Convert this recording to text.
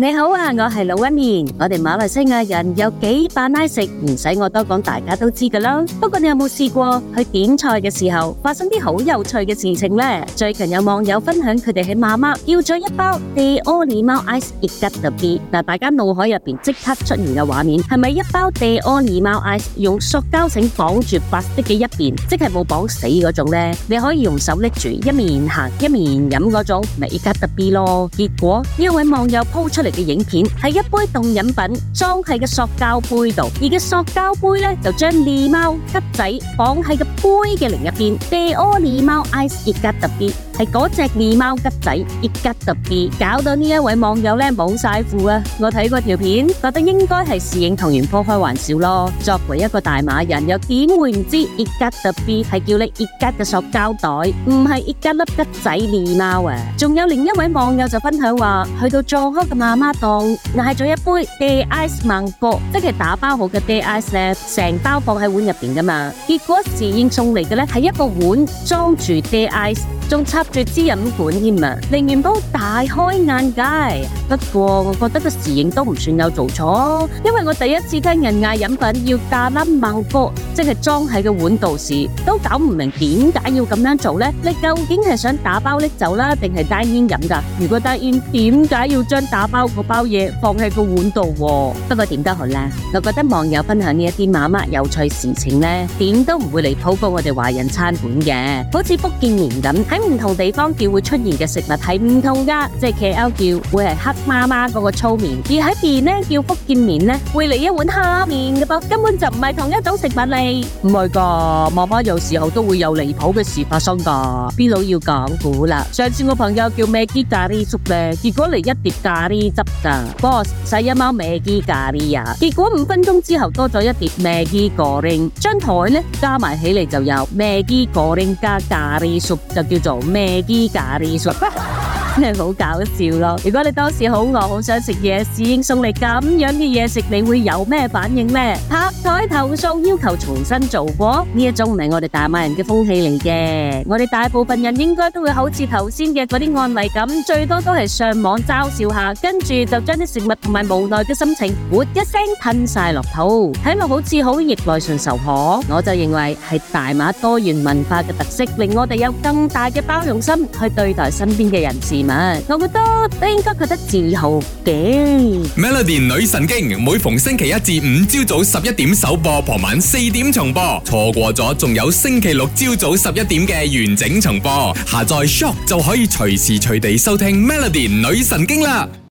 你好啊，我係龍紋敏。我哋馬來西亞人有幾把拉食，唔使我多講，大家都知㗎啦。不過你有冇試過去點菜嘅時候發生啲好有趣嘅事情呢？最近有網友分享佢哋喺 mamak 叫咗一包 Teh O Limau Ais ikat tepi，大家腦海入面即刻出現嘅畫面係咪一包 Teh O Limau Ais 用塑膠繩綁住白色嘅一邊，即係冇綁死嗰種呢？你可以用手拎住一面行一面飲嗰種咪 ikat tepi 咯。結果一位網友 po 出嚟。嘅影片係一杯凍飲品裝喺個塑膠杯度，而個塑膠杯呢就將狸貓吉仔綁喺個杯嘅另一邊。J O 狸貓 ice 更加特別。 係嗰隻二貓吉仔 g 吉特別搞到呢一位網友咧冇晒符啊！我睇過條片，覺得應該係侍應同元波開玩笑咯。作為一個大馬人，又點會唔知 e g 吉特別係叫你 e g 吉嘅塑膠袋，唔係 g 吉粒吉仔二貓啊？仲有另一位網友就分享話，去到藏區嘅媽媽檔嗌咗一杯 d 嘅 ice 芒果，即係打包好嘅 ice 咧，成包放喺碗入面噶嘛。結果侍應送嚟嘅咧係一個碗裝住嘅 ice，仲插。最滋飲管添啊，令我都大開眼界。不過，我覺得個侍應都唔算有做錯，因為我第一次聽人嗌飲品要加粒芒果。即係裝喺個碗度時，都搞唔明點解要咁樣做呢？你究竟係想打包拎走啦，定係帶煙飲噶如果帶煙，點解要將打包嗰包嘢放喺個碗度？不過點都好啦，我覺得網友分享呢一啲媽媽有趣事情咧，點都唔會離譜過我哋華人餐館嘅。好似福建麵咁，喺唔同地方叫會出現嘅食物係唔同噶。即係 KL 叫會係黑媽媽嗰個粗麵，而喺邊咧叫福建麵呢，會嚟一碗蝦麵嘅啵，根本就唔係同一種食物嚟。唔係噶，媽媽有時候都會有離譜嘅事發生噶。B 佬要講古啦，上次我朋友叫 Maggie 加咖喱 sup 咧，結果嚟一碟咖喱汁噶。Boss，使一貓 Maggie 加咖喱呀，結果五分鐘之後多咗一碟 Maggie goreng，張台咧加埋起嚟就有 Maggie goreng 加咖喱 sup，就叫做 Maggie 咖喱 sup。真係好搞笑咯！如果你當時好餓，好想食嘢，侍應送你咁樣嘅嘢食，你會有咩反應咧？拍台投訴，要求重新做過？呢一種唔係我哋大馬人嘅風氣嚟嘅。我哋大部分人應該都會好似頭先嘅嗰啲案例咁，最多都係上網嘲笑下，跟住就將啲食物同埋無奈嘅心情，噗一聲吞晒落肚，睇落好似好逆來順受可。我就認為係大馬多元文化嘅特色，令我哋有更大嘅包容心去對待身邊嘅人士。我覺得都應該覺得自豪嘅。Melody 女神經每逢星期一至五朝早十一點首播，傍晚四點重播。錯過咗仲有星期六朝早十一點嘅完整重播。下載 Shock 就可以隨時隨地收聽 Melody 女神經啦。